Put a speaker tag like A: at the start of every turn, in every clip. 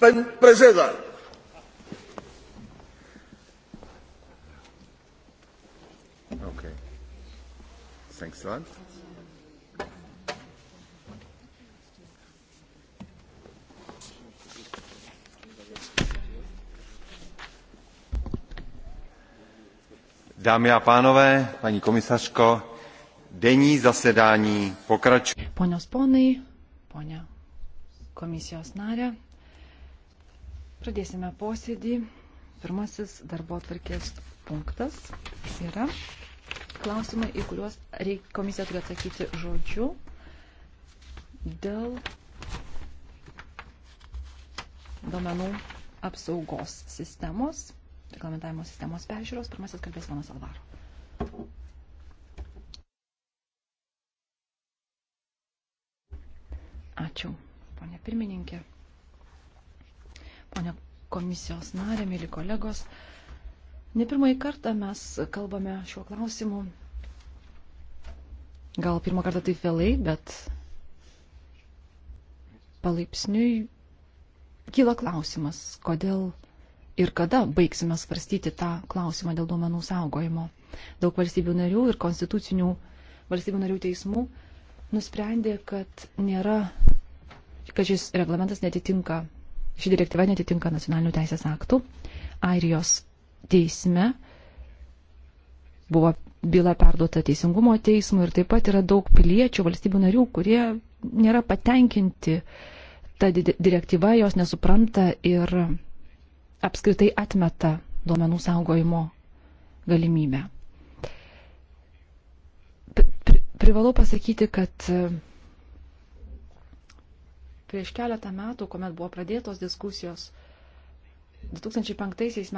A: Pan prezydent. Okay. Thanks a lot. Dámy a pánové, paní komisařko, denní zasedání pokračuje. Ponios ponai, ponia komisijos narė, Pradėsime posėdį. Pirmasis darbo atvarkės punktas yra klausimai, į kuriuos reik, komisija turi atsakyti žodžiu dėl domenų apsaugos sistemos, reglamentavimo sistemos peržiūros. Pirmasis kalbės ponas Alvaro. Ačiū, ponė pirmininkė. Pone komisijos narė, mėly kolegos, ne pirmąjį kartą mes kalbame šiuo klausimu. Gal pirmą kartą taip vėlai, bet palaipsniui kyla klausimas, kodėl ir kada baigsime svarstyti tą klausimą dėl duomenų saugojimo. Daug valstybių narių ir konstitucinių valstybių narių teismų nusprendė, kad nėra, kad šis reglamentas netitinka ši direktyva netitinka nacionalinių teisės aktų. Airijos teisme buvo byla perduota teisingumo teismui ir taip pat yra daug piliečių valstybių narių, kurie nėra patenkinti ta direktyva, jos nesupranta ir apskritai atmeta duomenų saugojimo galimybę. Privalau pasakyti, kad Prieš keletą metų, kuomet buvo pradėtos diskusijos, 2005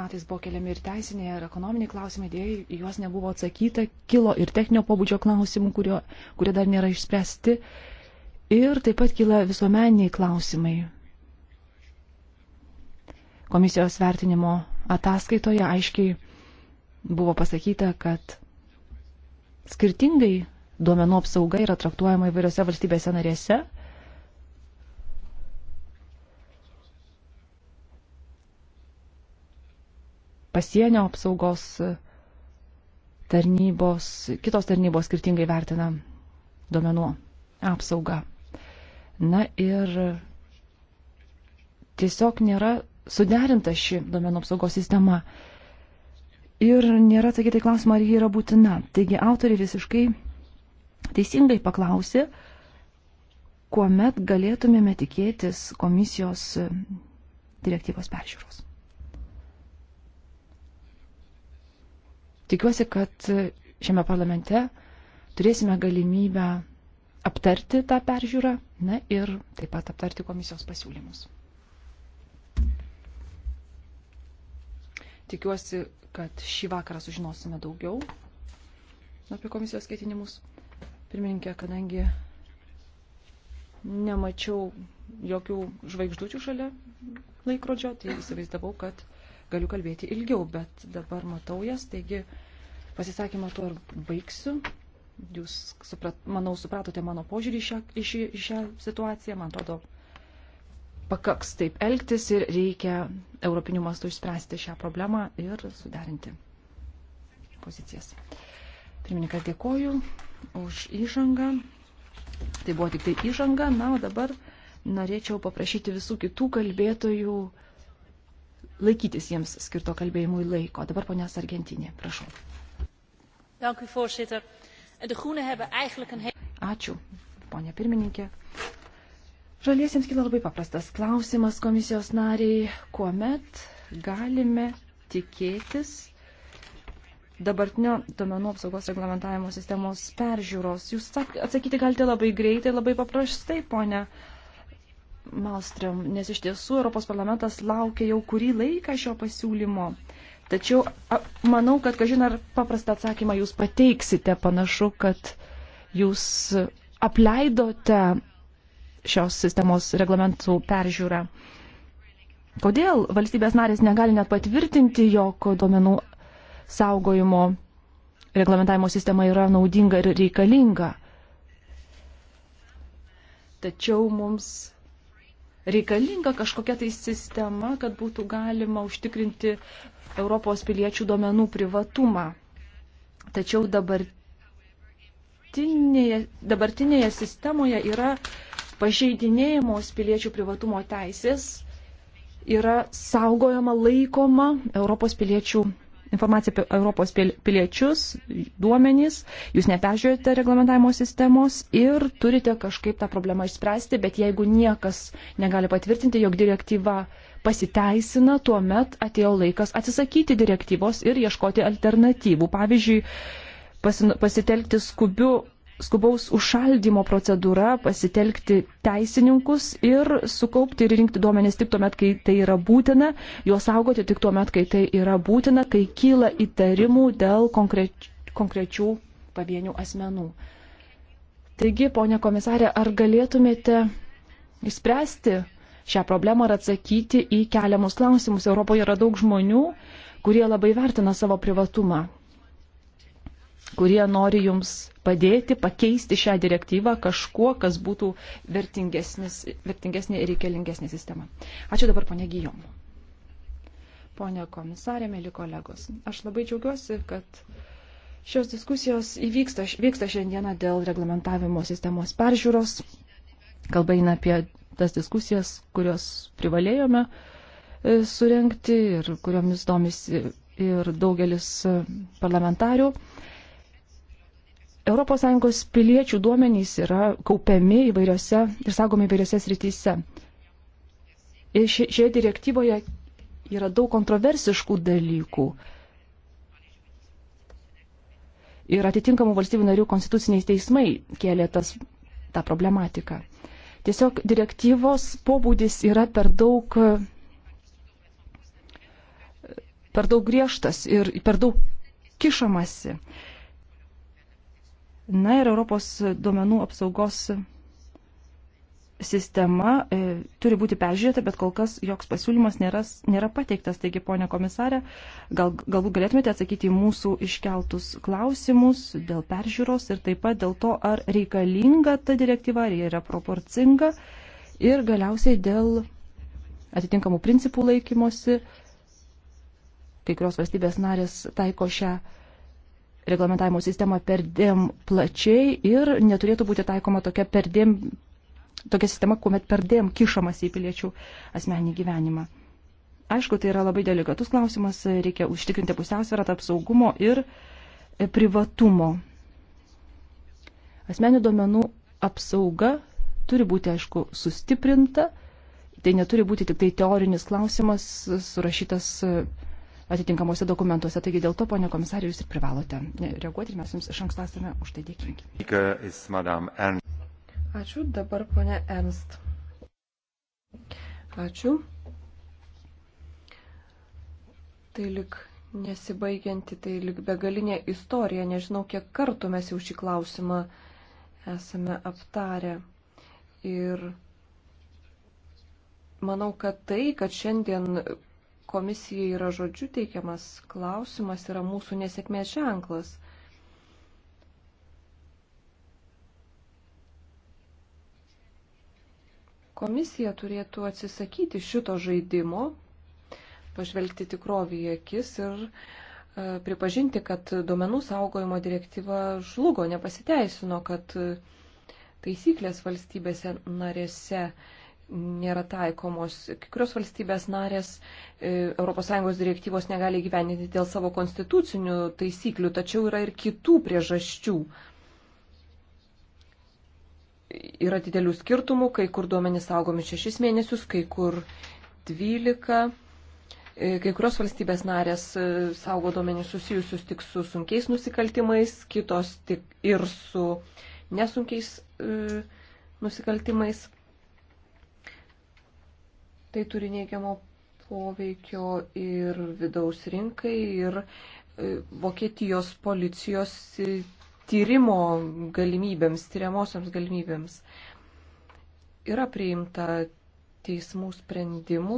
A: metais buvo keliami ir teisiniai, ir ekonominiai klausimai, dėjai juos nebuvo atsakyta, kilo ir techninio pobūdžio klausimų, kurio, kurie dar nėra išspręsti, ir taip pat kyla visuomeniniai klausimai. Komisijos vertinimo ataskaitoje aiškiai buvo pasakyta, kad skirtingai duomenų apsauga yra traktuojama įvairiose valstybėse narėse pasienio apsaugos tarnybos, kitos tarnybos skirtingai vertina duomenų apsaugą. Na ir tiesiog nėra suderinta ši duomenų apsaugos sistema ir nėra atsakyta į klausimą, ar ji yra būtina. Taigi autoriai visiškai teisingai paklausė, kuomet galėtumėme tikėtis komisijos direktyvos peržiūros. Tikiuosi, kad šiame parlamente turėsime galimybę aptarti tą peržiūrą na, ir taip pat aptarti komisijos pasiūlymus. Tikiuosi, kad šį vakarą sužinosime daugiau apie komisijos ketinimus. Pirmininkė, kadangi nemačiau jokių žvaigždučių šalia laikrodžio, tai įsivaizdavau, kad galiu kalbėti ilgiau, bet dabar matau jas, taigi pasisakymą tuo ir baigsiu. Jūs, suprat, manau, supratote mano požiūrį į šią, į šį, į šią situaciją. Man atrodo, pakaks taip elgtis ir reikia europiniu mastu išspręsti šią problemą ir suderinti pozicijas. Pirmininkas, dėkoju už įžangą. Tai buvo tik tai įžanga. Na, o dabar norėčiau paprašyti visų kitų kalbėtojų laikytis jiems skirto kalbėjimui laiko. Dabar ponia Sargentinė, prašau. Ačiū, ponia pirmininkė. Žaliesiems kyla labai paprastas klausimas komisijos nariai, kuomet galime tikėtis dabartinio domenų apsaugos reglamentavimo sistemos peržiūros. Jūs atsakyti galite labai greitai, labai paprastai, ponia Malstrom, nes iš tiesų Europos parlamentas laukia jau kurį laiką šio pasiūlymo. Tačiau a, manau, kad, kažin ar paprastą atsakymą jūs pateiksite, panašu, kad jūs apleidote šios sistemos reglamentų peržiūrą. Kodėl valstybės narės negali net patvirtinti, jog duomenų saugojimo reglamentavimo sistema yra naudinga ir reikalinga? Tačiau mums reikalinga kažkokia tai sistema, kad būtų galima užtikrinti Europos piliečių duomenų privatumą. Tačiau dabartinėje, dabartinėje sistemoje yra pažeidinėjimos piliečių privatumo teisės, yra saugojama, laikoma Europos piliečių informacija apie Europos piliečius, duomenys, jūs neperžiūrėjote reglamentavimo sistemos ir turite kažkaip tą problemą išspręsti, bet jeigu niekas negali patvirtinti, jog direktyva pasiteisina, tuomet atėjo laikas atsisakyti direktyvos ir ieškoti alternatyvų. Pavyzdžiui, pasitelkti skubių skubaus užšaldimo procedūra, pasitelkti teisininkus ir sukaupti ir rinkti duomenis tik tuomet, kai tai yra būtina, juos saugoti tik tuomet, kai tai yra būtina, kai kyla įtarimų dėl konkrečių pavienių asmenų. Taigi, ponė komisarė, ar galėtumėte išspręsti šią problemą ir atsakyti į keliamus klausimus? Europoje yra daug žmonių, kurie labai vertina savo privatumą kurie nori jums padėti pakeisti šią direktyvą kažkuo, kas būtų vertingesnė ir reikalingesnė sistema. Ačiū dabar ponė Gijom. Pone komisarė, mėly kolegos, aš labai džiaugiuosi, kad šios diskusijos įvyksta, vyksta šiandieną dėl reglamentavimo sistemos peržiūros. Kalba eina apie tas diskusijas, kurios privalėjome e, surenkti ir kuriomis domisi ir daugelis e, parlamentarių. ES piliečių duomenys yra kaupiami įvairiose ir saugomi įvairiose srityse. Ir šioje direktyvoje yra daug kontroversiškų dalykų. Ir atitinkamų valstybių narių konstituciniai teismai kėlė tas, tą problematiką. Tiesiog direktyvos pobūdis yra per daug, per daug griežtas ir per daug kišamasi. Na ir Europos duomenų apsaugos sistema e, turi būti peržiūrėta, bet kol kas joks pasiūlymas nėra, nėra pateiktas. Taigi, ponė komisarė, gal, galbūt galėtumėte atsakyti į mūsų iškeltus klausimus dėl peržiūros ir taip pat dėl to, ar reikalinga ta direktyva, ar jie yra proporcinga ir galiausiai dėl atitinkamų principų laikymosi. Kai kurios valstybės narės taiko šią reglamentavimo sistema perdėm plačiai ir neturėtų būti taikoma tokia perdėm, tokia sistema, kuomet perdėm kišamas į piliečių asmenį gyvenimą. Aišku, tai yra labai delikatus klausimas, reikia užtikrinti pusiausvyrą tarp saugumo ir e, privatumo. Asmenių duomenų apsauga turi būti, aišku, sustiprinta, tai neturi būti tik tai teorinis klausimas surašytas e, atitinkamuose dokumentuose. Taigi dėl to, ponė komisarė, jūs ir privalote reaguoti ir mes jums iš anksto esame už tai dėkingi.
B: Ačiū, dabar ponė Ernst. Ačiū. Tai lik nesibaigianti, tai lik begalinė istorija. Nežinau, kiek kartų mes jau šį klausimą esame aptarę. Ir manau, kad tai, kad šiandien komisijai yra žodžiu teikiamas klausimas, yra mūsų nesėkmės ženklas. Komisija turėtų atsisakyti šito žaidimo, pažvelgti tikrovį į akis ir e, pripažinti, kad duomenų saugojimo direktyva žlugo, nepasiteisino, kad taisyklės valstybėse narėse nėra taikomos. Kai kurios valstybės narės e, ES direktyvos negali gyveninti dėl savo konstitucinių taisyklių, tačiau yra ir kitų priežasčių. Yra didelių skirtumų, kai kur duomenys saugomi 6 mėnesius, kai kur 12. E, kai kurios valstybės narės e, saugo duomenys susijusius tik su sunkiais nusikaltimais, kitos tik ir su nesunkiais e, nusikaltimais. Tai turi neigiamo poveikio ir vidaus rinkai, ir e, Vokietijos policijos tyrimo galimybėms, tyriamosioms galimybėms. Yra priimta teismų sprendimų,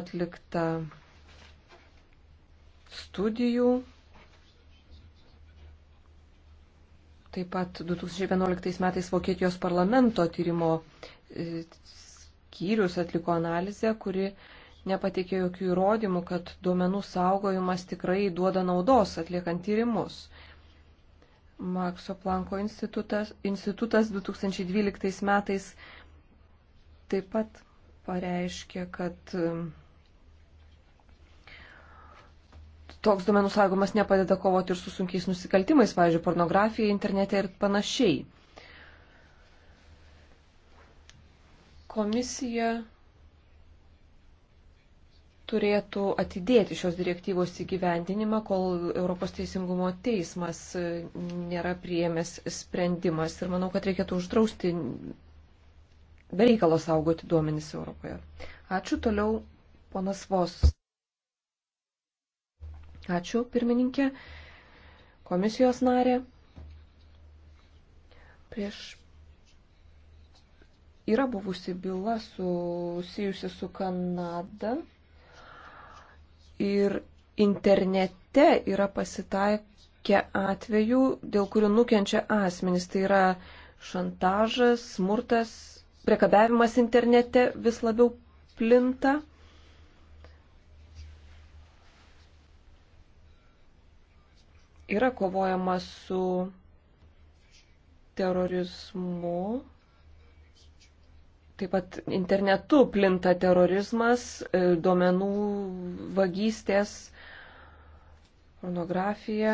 B: atlikta studijų. Taip pat 2011 metais Vokietijos parlamento tyrimo e, skyrius atliko analizę, kuri nepateikė jokių įrodymų, kad duomenų saugojimas tikrai duoda naudos atliekant tyrimus. Makso Planko institutas, institutas 2012 metais taip pat pareiškė, kad um, toks duomenų saugomas nepadeda kovoti ir su sunkiais nusikaltimais, pavyzdžiui, pornografija internete ir panašiai. Komisija turėtų atidėti šios direktyvos įgyvendinimą, kol Europos teisingumo teismas e, nėra priėmęs sprendimas. Ir manau, kad reikėtų uždrausti bereikalo saugoti duomenis Europoje. Ačiū toliau, ponas Vos. Ačiū, pirmininkė, komisijos narė. Prieš Yra buvusi byla susijusi su Kanada ir internete yra pasitaikę atvejų, dėl kurių nukenčia asmenys. Tai yra šantažas, smurtas, priekabiavimas internete vis labiau plinta. Yra kovojama su terorizmu Taip pat internetu plinta terorizmas, e, duomenų vagystės, pornografija.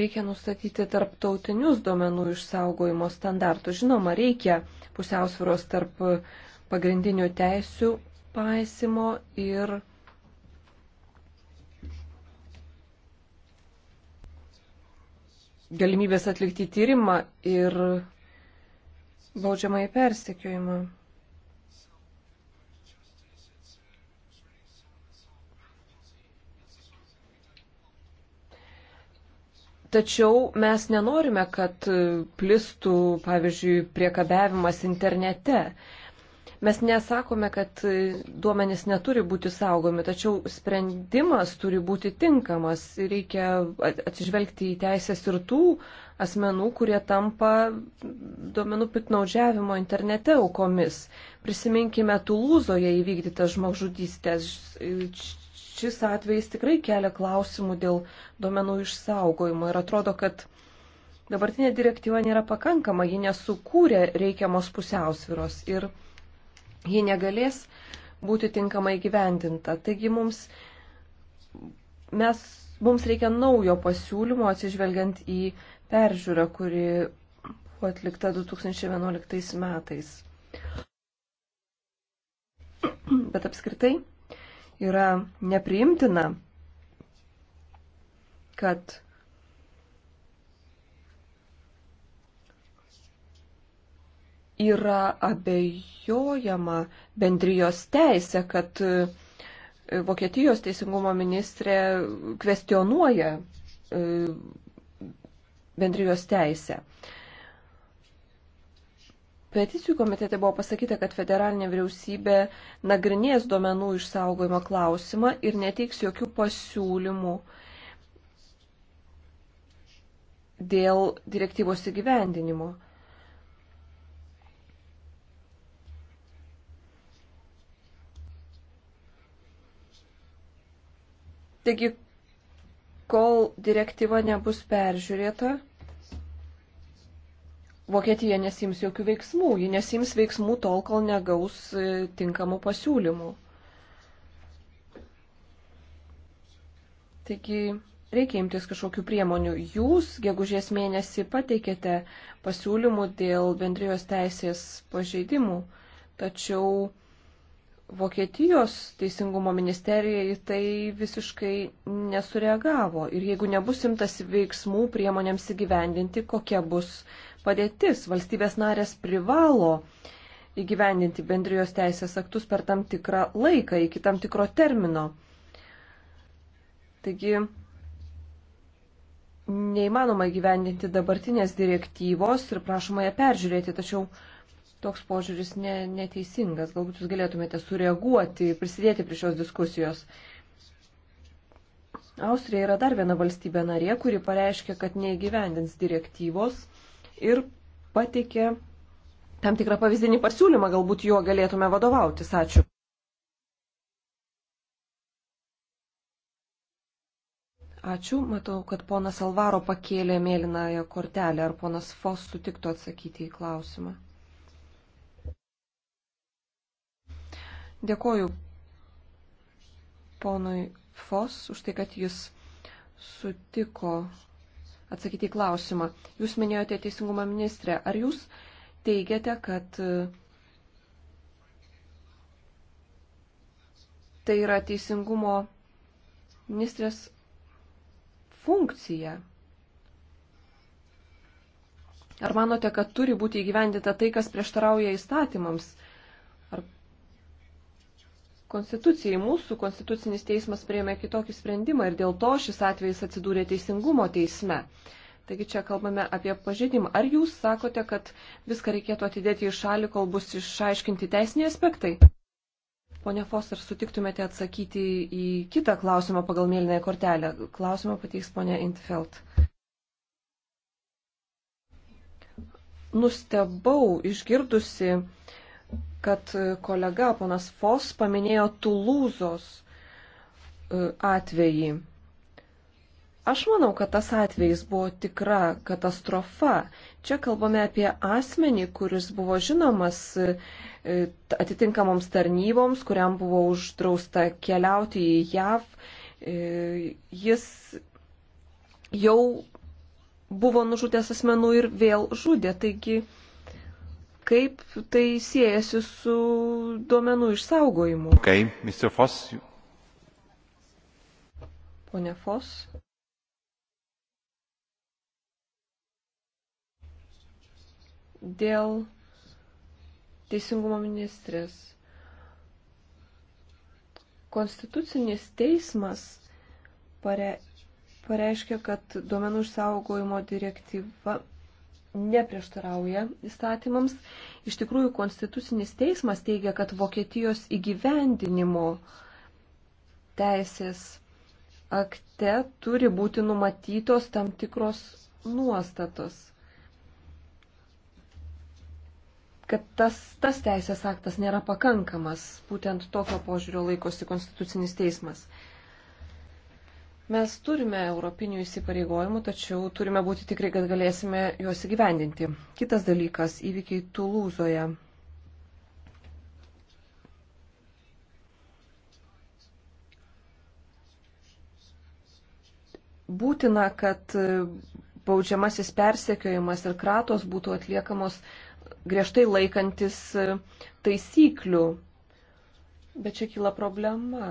B: Reikia nustatyti tarptautinius duomenų išsaugojimo standartus. Žinoma, reikia pusiausvėros tarp pagrindinių teisių paisimo ir galimybės atlikti tyrimą ir baudžiamąjį persekiojimą. Tačiau mes nenorime, kad plistų, pavyzdžiui, priekabiavimas internete. Mes nesakome, kad duomenys neturi būti saugomi, tačiau sprendimas turi būti tinkamas. Reikia atsižvelgti į teisės ir tų asmenų, kurie tampa duomenų piknaudžiavimo internete aukomis. Prisiminkime Tulūzoje įvykdytas žmogžudystės. Šis atvejis tikrai kelia klausimų dėl duomenų išsaugojimo ir atrodo, kad dabartinė direktyva nėra pakankama, ji nesukūrė reikiamos pusiausviros. Ir ji negalės būti tinkamai gyvendinta. Taigi mums, mes, mums reikia naujo pasiūlymo atsižvelgiant į peržiūrą, kuri buvo atlikta 2011 metais. Bet apskritai yra nepriimtina, kad yra abejojama bendrijos teisė, kad e, Vokietijos teisingumo ministrė kvestionuoja e, bendrijos teisę. Peticijų komitete buvo pasakyta, kad federalinė vyriausybė nagrinės duomenų išsaugojimo klausimą ir neteiks jokių pasiūlymų dėl direktyvos įgyvendinimo. Taigi, kol direktyva nebus peržiūrėta, Vokietija nesims jokių veiksmų, ji nesims veiksmų tol, kol negaus e, tinkamų pasiūlymų. Taigi reikia imtis kažkokių priemonių. Jūs gegužės mėnesį pateikėte pasiūlymų dėl bendrijos teisės pažeidimų, tačiau Vokietijos teisingumo ministerija į tai visiškai nesureagavo. Ir jeigu nebus imtas veiksmų priemonėms įgyvendinti, kokia bus padėtis, valstybės narės privalo įgyvendinti bendrijos teisės aktus per tam tikrą laiką, iki tam tikro termino. Taigi neįmanoma įgyvendinti dabartinės direktyvos ir prašoma ją peržiūrėti, tačiau toks požiūris ne, neteisingas. Galbūt jūs galėtumėte sureaguoti, prisidėti prie šios diskusijos. Austrija yra dar viena valstybė narė, kuri pareiškia, kad neįgyvendins direktyvos ir pateikė tam tikrą pavyzdinį pasiūlymą, galbūt juo galėtume vadovautis. Ačiū. Ačiū, matau, kad ponas Alvaro pakėlė mėlynąją kortelę. Ar ponas Fos sutiktų atsakyti į klausimą? Dėkoju ponui Fos už tai, kad jis sutiko atsakyti į klausimą. Jūs minėjote teisingumą ministrę. Ar jūs teigiate, kad e, tai yra teisingumo ministrės funkcija? Ar manote, kad turi būti įgyvendinta tai, kas prieštarauja įstatymams? Ar Konstitucijai mūsų konstitucinis teismas prieėmė kitokį sprendimą ir dėl to šis atvejis atsidūrė teisingumo teisme. Taigi čia kalbame apie pažeidimą. Ar jūs sakote, kad viską reikėtų atidėti į šalį, kol bus išaiškinti teisiniai aspektai? Pone Fos, ar sutiktumėte atsakyti į kitą klausimą pagal mėlynąją kortelę? Klausimą pateiks ponė Intfeld. Nustebau išgirdusi kad kolega ponas Fos paminėjo Tulūzos e, atvejį. Aš manau, kad tas atvejis buvo tikra katastrofa. Čia kalbame apie asmenį, kuris buvo žinomas e, e, atitinkamoms tarnyboms, kuriam buvo uždrausta keliauti į JAV. Jis jau buvo nužudęs asmenų ir vėl žudė. Taigi, kaip tai siejasi su duomenų išsaugojimu. Okay, Mr. Foss. Pone Foss. Dėl teisingumo ministrės. Konstitucinis teismas pare, pareiškia, kad duomenų išsaugojimo direktyva neprieštarauja įstatymams. Iš tikrųjų, Konstitucinis teismas teigia, kad Vokietijos įgyvendinimo teisės akte turi būti numatytos tam tikros nuostatos. Kad tas, tas teisės aktas nėra pakankamas, būtent tokio požiūrio laikosi Konstitucinis teismas. Mes turime europinių įsipareigojimų, tačiau turime būti tikrai, kad galėsime juos įgyvendinti. Kitas dalykas - įvykiai Tulūzoje. Būtina, kad baudžiamasis persekiojimas ir kratos būtų atliekamos griežtai laikantis taisyklių. Bet čia kyla problema.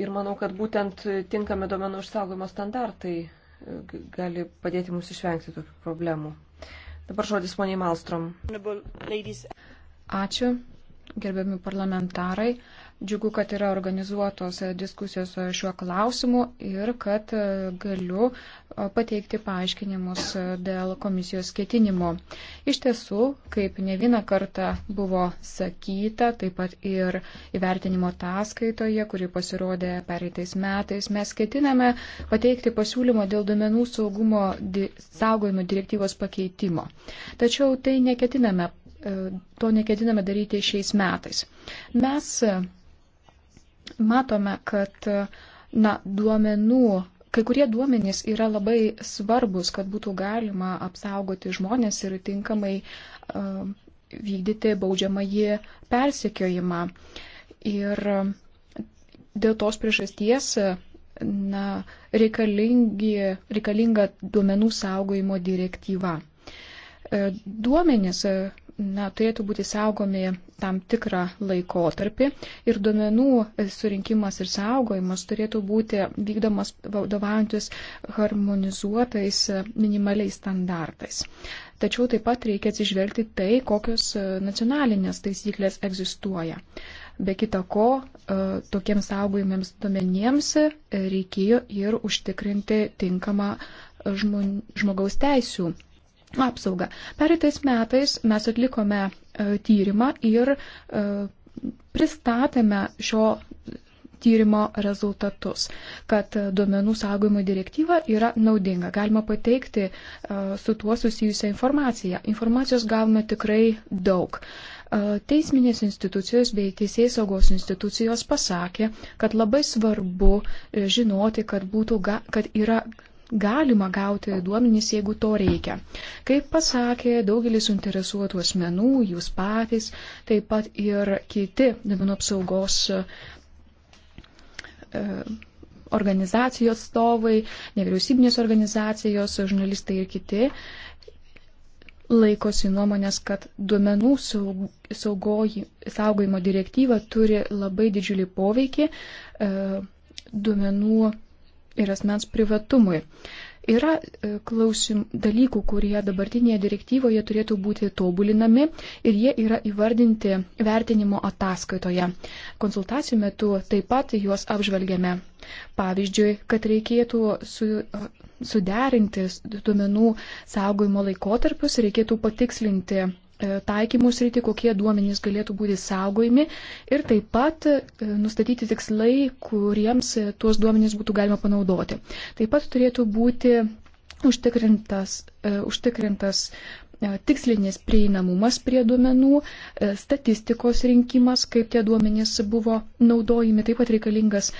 B: Ir manau, kad būtent tinkami duomenų išsaugojimo standartai e, gali padėti mums išvengti tokių problemų. Dabar žodis poniai
C: Malstrom. Ačiū, gerbiami parlamentarai. Džiugu, kad yra organizuotos e, diskusijos e, šiuo klausimu ir kad e, galiu pateikti paaiškinimus dėl komisijos ketinimo. Iš tiesų, kaip ne vieną kartą buvo sakyta, taip pat ir įvertinimo ataskaitoje, kuri pasirodė pereitais metais, mes ketiname pateikti pasiūlymą dėl duomenų saugumo di saugojimo direktyvos pakeitimo. Tačiau tai neketiname, to neketiname daryti šiais metais. Mes matome, kad na, duomenų, kai kurie duomenys yra labai svarbus, kad būtų galima apsaugoti žmonės ir tinkamai uh, vykdyti baudžiamąjį persekiojimą. Ir dėl tos priežasties na, reikalinga duomenų saugojimo direktyva. E, duomenys na, turėtų būti saugomi tam tikrą laikotarpį ir duomenų surinkimas ir saugojimas turėtų būti vykdomas vadovaujantis harmonizuotais minimaliais standartais. Tačiau taip pat reikia atsižvelgti tai, kokios e, nacionalinės taisyklės egzistuoja. Be kita ko, e, tokiems saugojimiems duomeniems e, reikėjo ir užtikrinti tinkamą žmogaus teisų apsaugą. Pereitais metais mes atlikome e, tyrimą ir e, pristatėme šio tyrimo rezultatus, kad e, duomenų saugojimo direktyva yra naudinga. Galima pateikti su tuo susijusią informaciją. Informacijos gavome tikrai daug. Teisminės institucijos bei teisėjai saugos institucijos pasakė, kad labai svarbu žinoti, kad, būtų, kad yra galima gauti duomenys, jeigu to reikia. Kaip pasakė daugelis interesuotų asmenų, jūs patys, taip pat ir kiti duomenų apsaugos e, organizacijos atstovai, nevyriausybinės organizacijos, žurnalistai ir kiti laikosi nuomonės, kad duomenų saugoj, saugojimo direktyva turi labai didžiulį poveikį e, duomenų ir asmens privatumui. Yra e, klausim, dalykų, kurie dabartinėje direktyvoje turėtų būti tobulinami ir jie yra įvardinti vertinimo ataskaitoje. Konsultacijų metu taip pat juos apžvelgiame. Pavyzdžiui, kad reikėtų su, suderinti duomenų saugojimo laikotarpius, reikėtų patikslinti E, taikymus rytį, kokie duomenys galėtų būti saugojami ir taip pat e, nustatyti tikslai, kuriems e, tuos duomenys būtų galima panaudoti. Taip pat turėtų būti užtikrintas, užtikrintas tikslinis prieinamumas prie duomenų, statistikos rinkimas, kaip tie duomenys buvo naudojami, taip pat reikalingas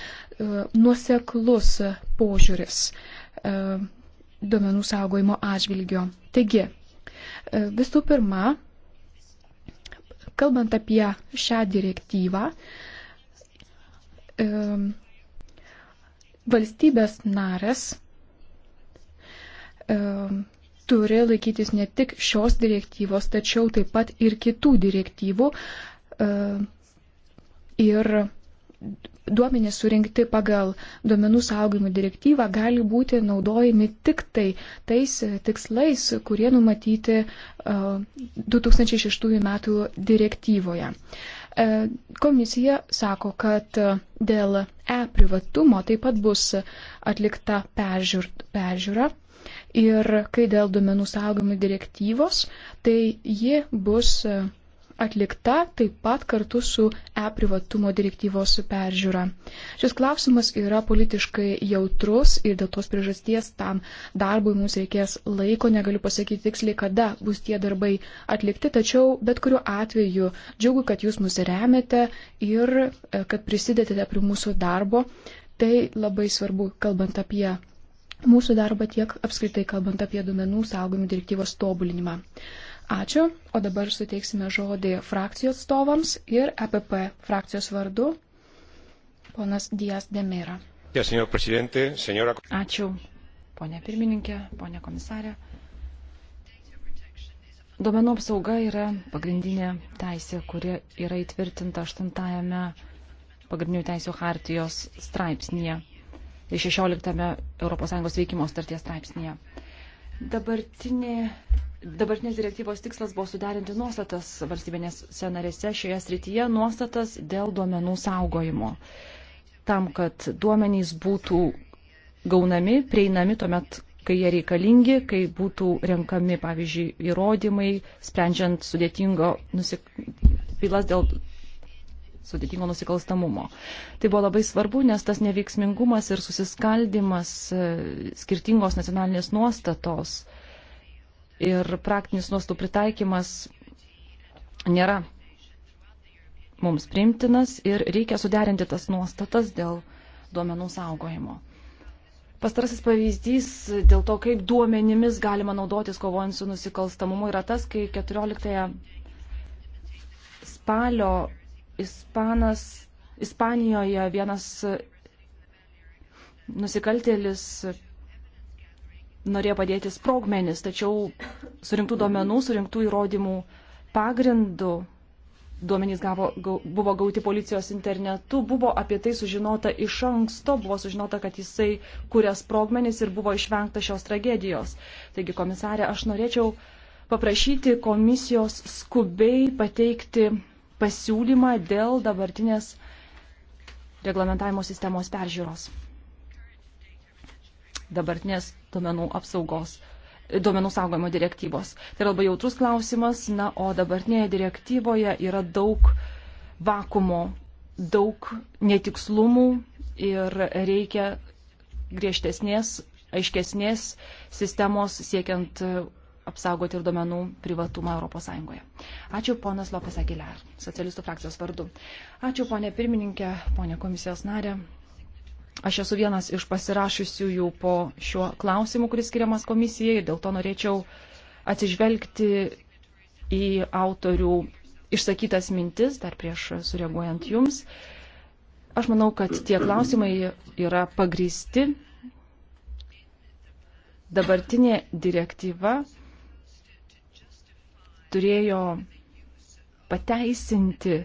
C: nuoseklus požiūris duomenų saugojimo atžvilgio. Taigi, visų pirma, Kalbant apie šią direktyvą, valstybės narės turi laikytis ne tik šios direktyvos, tačiau taip pat ir kitų direktyvų ir duomenys surinkti pagal duomenų saugojimo direktyvą gali būti naudojami tik tai tais tikslais, kurie numatyti 2006 e, metų direktyvoje. E, komisija sako, kad dėl e-privatumo taip pat bus atlikta peržiūr, peržiūra. Ir kai dėl duomenų saugomų direktyvos, tai ji bus atlikta taip pat kartu su e-privatumo direktyvos peržiūra. Šis klausimas yra politiškai jautrus ir dėl tos priežasties tam darbui mums reikės laiko, negaliu pasakyti tiksliai, kada bus tie darbai atlikti, tačiau bet kuriuo atveju džiaugiu, kad jūs mus remiate ir e, kad prisidedate prie mūsų darbo. Tai labai svarbu, kalbant apie mūsų darbą tiek apskritai kalbant apie duomenų saugojimo direktyvos tobulinimą. Ačiū, o dabar suteiksime žodį frakcijų atstovams ir EPP frakcijos vardu ponas Dijas Demira. Ačiū,
A: ponė pirmininkė, ponė komisarė. Domenų apsauga yra pagrindinė teisė, kuri yra įtvirtinta 8-ame pagrindinių teisų hartijos straipsnėje ir 16-ame ES veikimo starties straipsnėje. Dabartinė Dabartinės direktyvos tikslas buvo suderinti nuostatas valstybinės senarėse šioje srityje, nuostatas dėl duomenų saugojimo. Tam, kad duomenys būtų gaunami, prieinami tuomet, kai jie reikalingi, kai būtų renkami, pavyzdžiui, įrodymai, sprendžiant sudėtingo nusik... bylas dėl sudėtingo nusikalstamumo. Tai buvo labai svarbu, nes tas neveiksmingumas ir susiskaldimas e, skirtingos nacionalinės nuostatos uh, ir praktinis nuostų pritaikymas nėra mums primtinas ir reikia suderinti tas nuostatas dėl duomenų saugojimo. Pastarasis pavyzdys dėl to, kaip duomenimis galima naudotis kovojant su nusikalstamumu, yra tas, kai 14 spalio Ispanas, Ispanijoje vienas nusikaltėlis norėjo padėti sprogmenis, tačiau surinktų duomenų, surinktų įrodymų pagrindų duomenys gavo, gau, buvo gauti policijos internetu, buvo apie tai sužinota iš anksto, buvo sužinota, kad jisai kuria sprogmenis ir buvo išvengta šios tragedijos. Taigi, komisarė, aš norėčiau paprašyti komisijos skubiai pateikti pasiūlymą dėl dabartinės reglamentavimo sistemos peržiūros dabartinės duomenų apsaugos, duomenų saugojimo direktyvos. Tai yra labai jautrus klausimas, na, o dabartinėje direktyvoje yra daug vakumo, daug netikslumų ir reikia griežtesnės, aiškesnės sistemos siekiant apsaugoti ir duomenų privatumą ES. Ačiū ponas Lopes Aguilar, socialistų frakcijos vardu. Ačiū ponė pirmininkė, ponė komisijos narė. Aš esu vienas iš pasirašysiųjų po šiuo klausimu, kuris skiriamas komisijai ir dėl to norėčiau atsižvelgti į autorių išsakytas mintis dar prieš sureaguojant jums. Aš manau, kad tie klausimai yra pagristi. Dabartinė direktyva turėjo pateisinti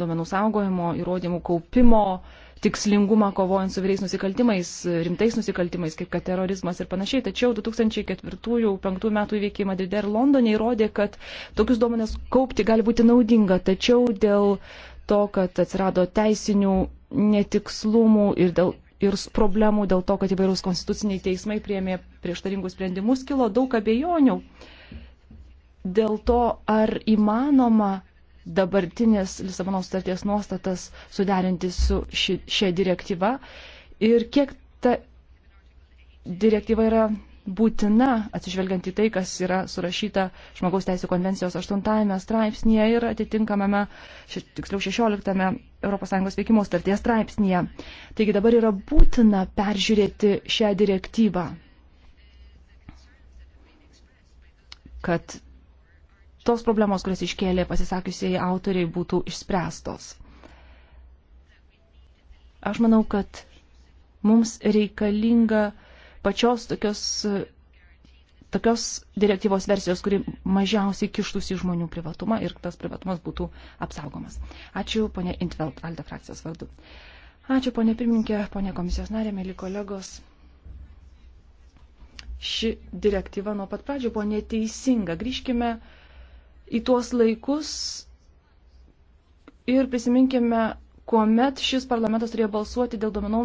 A: duomenų saugojimo, įrodymų kaupimo, tikslingumą kovojant su vyriais nusikaltimais, rimtais nusikaltimais, kaip kad terorizmas ir panašiai. Tačiau 2004-2005 metų įveikiai Madride ir Londone įrodė, kad tokius duomenės kaupti gali būti naudinga, tačiau dėl to, kad atsirado teisinių netikslumų ir, dėl, ir problemų dėl to, kad įvairūs konstituciniai teismai priemė prieštaringus sprendimus, kilo daug abejonių dėl to, ar įmanoma dabartinės Lisabonos sutarties nuostatas suderinti su ši, šia direktyva ir kiek ta direktyva yra būtina, atsižvelgiant į tai, kas yra surašyta Žmogaus Teisų konvencijos 8 straipsnėje ir atitinkamame, še, tiksliau 16 ES veikimo starties straipsnėje. Taigi dabar yra būtina peržiūrėti šią direktyvą, kad tos problemos, kurias iškėlė pasisakiusiai autoriai, būtų išspręstos. Aš manau, kad mums reikalinga pačios tokios, tokios direktyvos versijos, kuri mažiausiai kištųsi žmonių privatumą ir tas privatumas būtų apsaugomas. Ačiū, ponė Intvelt, Alda frakcijos vardu. Ačiū, ponė pirmininkė, ponė komisijos narė, mėly kolegos ši direktyva nuo pat pradžių buvo neteisinga. Grįžkime į tuos laikus ir prisiminkime, kuomet šis parlamentas turėjo balsuoti dėl domenų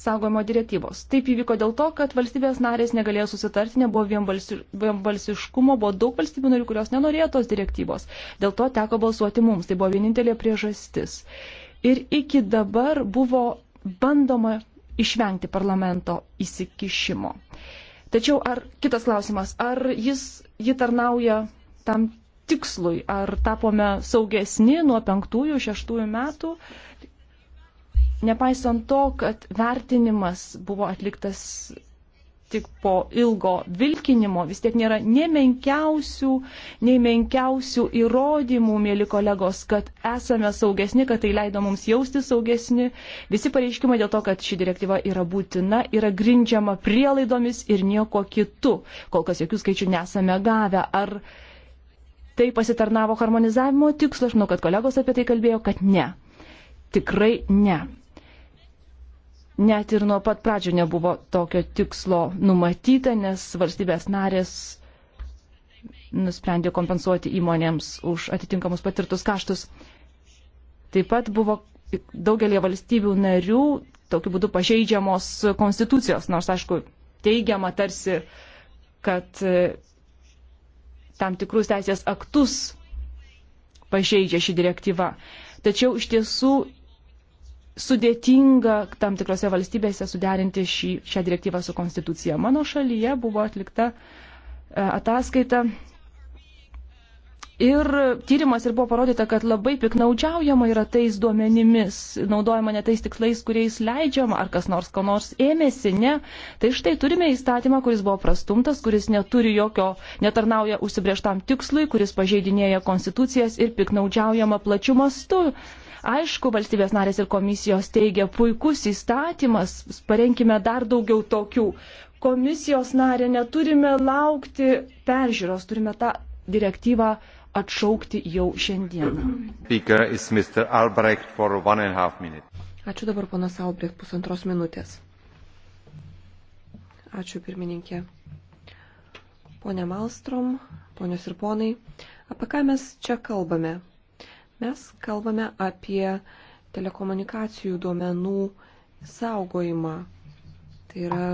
A: saugojimo direktyvos. Taip įvyko dėl to, kad valstybės narės negalėjo susitarti, nebuvo vienbalsi, vienbalsiškumo, buvo daug valstybių narių, kurios nenorėjo tos direktyvos. Dėl to teko balsuoti mums. Tai buvo vienintelė priežastis. Ir iki dabar buvo bandoma išvengti parlamento įsikišimo. Tačiau ar kitas klausimas, ar jis, ji tarnauja tam tikslui? Ar tapome saugesni nuo penktųjų, šeštųjų metų? Nepaisant to, kad vertinimas buvo atliktas tik po ilgo vilkinimo, vis tiek nėra nei menkiausių, nei menkiausių įrodymų, mėly kolegos, kad esame saugesni, kad tai leido mums jausti saugesni. Visi pareiškimai dėl to, kad ši direktyva yra būtina, yra grindžiama prielaidomis ir nieko kitu. Kol kas jokių skaičių nesame gavę. Ar tai pasitarnavo harmonizavimo tikslo, aš žinau, kad kolegos apie tai kalbėjo, kad ne. Tikrai ne. Net ir nuo pat pradžių nebuvo tokio tikslo numatyta, nes valstybės narės nusprendė kompensuoti įmonėms už atitinkamus patirtus kaštus. Taip pat buvo daugelį valstybių narių tokiu būdu pažeidžiamos konstitucijos, nors aišku teigiama tarsi, kad tam tikrus teisės aktus pažeidžia ši direktyva. Tačiau iš tiesų sudėtinga tam tikrose valstybėse suderinti šį, šią direktyvą su konstitucija. Mano šalyje buvo atlikta e, ataskaita Ir tyrimas ir buvo parodyta, kad labai piknaudžiaujama yra tais duomenimis, naudojama ne tais tikslais, kuriais leidžiama, ar kas nors ko nors ėmėsi, ne. Tai štai turime įstatymą, kuris buvo prastumtas, kuris neturi jokio, netarnauja užsibrieštam tikslui, kuris pažeidinėja konstitucijas ir piknaudžiaujama plačiu mastu. Aišku, valstybės narės ir komisijos teigia, puikus įstatymas, parenkime dar daugiau tokių. Komisijos narė neturime laukti peržiūros,
B: turime tą direktyvą atšaukti jau šiandieną. Ačiū dabar ponas Albrecht pusantros minutės. Ačiū pirmininkė. Pone Malstrom, ponios ir ponai, apie ką mes čia kalbame? Mes kalbame apie telekomunikacijų duomenų saugojimą. Tai yra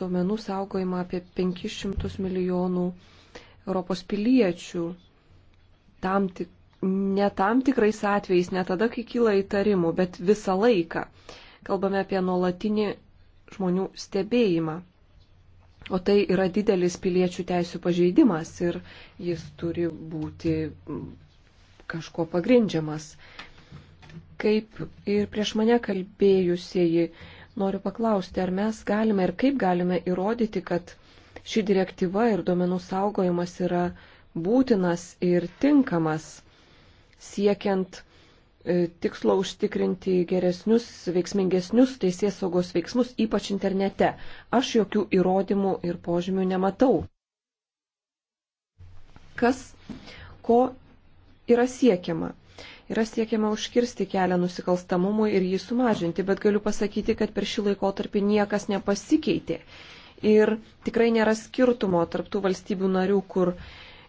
B: duomenų saugojimą apie 500 milijonų Europos piliečių tam tik, ne tam tikrais atvejais, ne tada, kai kyla įtarimų, bet visą laiką. Kalbame apie nuolatinį žmonių stebėjimą. O tai yra didelis piliečių teisų pažeidimas ir jis turi būti kažko pagrindžiamas. Kaip ir prieš mane kalbėjusieji, noriu paklausti, ar mes galime ir kaip galime įrodyti, kad ši direktyva ir duomenų saugojimas yra uh, būtinas ir tinkamas, siekiant e, tikslo užtikrinti geresnius, veiksmingesnius teisės saugos veiksmus, ypač internete. Aš jokių įrodymų ir požymių nematau. Kas, ko yra siekiama? Yra siekiama užkirsti kelią nusikalstamumui ir jį sumažinti, bet galiu pasakyti, kad per šį laikotarpį niekas nepasikeitė. Ir tikrai nėra skirtumo tarptų valstybių narių, kur uh,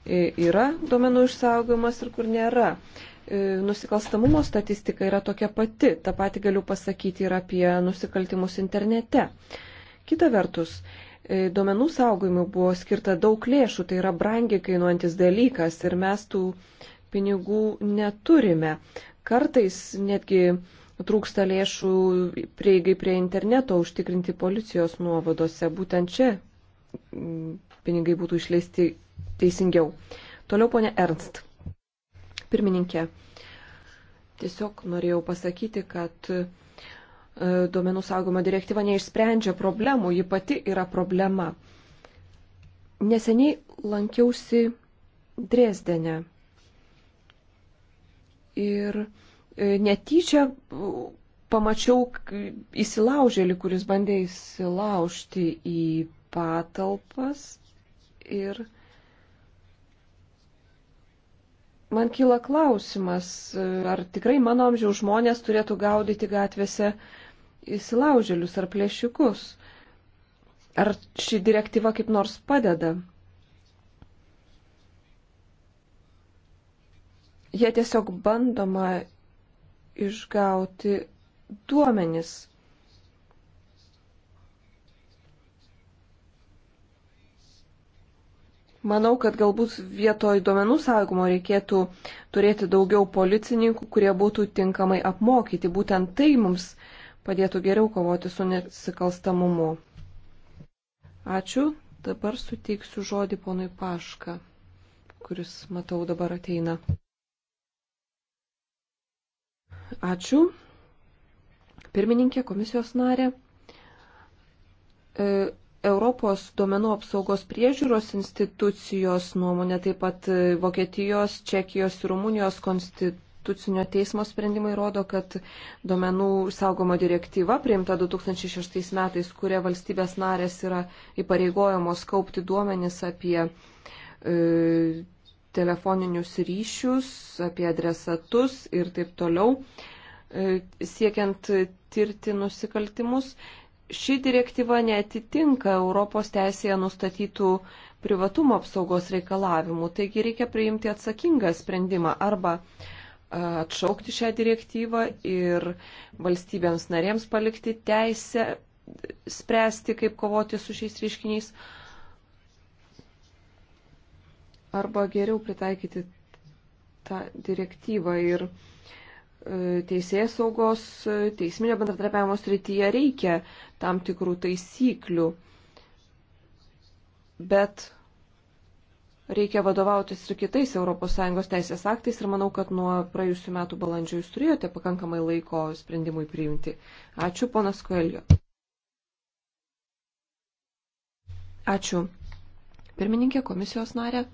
B: yra duomenų išsaugojimas ir kur nėra. Nusikalstamumo statistika yra tokia pati, tą patį galiu pasakyti ir apie nusikaltimus internete. Kita vertus, duomenų saugojimui buvo skirta daug lėšų, tai yra brangiai kainuojantis dalykas ir mes tų pinigų neturime. Kartais netgi trūksta lėšų prieigai prie interneto užtikrinti policijos nuovadose. Būtent čia pinigai būtų išleisti teisingiau. Toliau ponė Ernst. Pirmininkė, tiesiog norėjau pasakyti, kad e, duomenų saugumo direktyva neišsprendžia problemų, ji pati yra problema. Neseniai lankiausi Dresdene ir e, netyčia e, pamačiau įsilaužėlį, kuris bandė įsilaužti į patalpas ir Man kyla klausimas, ar tikrai mano amžiaus žmonės turėtų gaudyti gatvėse įsilaužėlius ar plėšikus. Ar ši direktyva kaip nors padeda? Jie tiesiog bandoma išgauti duomenis Manau, kad galbūt vietoj duomenų saugumo reikėtų turėti daugiau policininkų, kurie būtų tinkamai apmokyti. Būtent tai mums padėtų geriau kovoti su nesikalstamumu. Ačiū. Dabar suteiksiu žodį ponui Pašką, kuris, matau, dabar ateina. Ačiū. Pirmininkė, komisijos narė. E, Europos duomenų apsaugos priežiūros institucijos nuomonė, taip pat e, Vokietijos, Čekijos ir Rumunijos konstitucinio teismo sprendimai rodo, kad duomenų saugomo direktyva priimta 2006 metais, kuria valstybės narės yra įpareigojamos kaupti duomenis apie e, telefoninius ryšius, apie adresatus ir taip toliau, e, siekiant tirti nusikaltimus ši direktyva netitinka Europos teisėje nustatytų privatumo apsaugos reikalavimų, taigi reikia priimti atsakingą sprendimą arba e, atšaukti šią direktyvą ir valstybėms narėms palikti teisę spręsti, kaip kovoti su šiais reiškiniais, arba geriau pritaikyti tą direktyvą ir uh, teisės saugos, teisminio bendradarbiavimo srityje reikia tam tikrų taisyklių, bet reikia vadovautis ir kitais ES teisės aktais ir manau, kad nuo praėjusiu metu balandžio jūs turėjote pakankamai laiko sprendimui priimti. Ačiū, ponas Koelio. Ačiū. Pirmininkė, komisijos narė.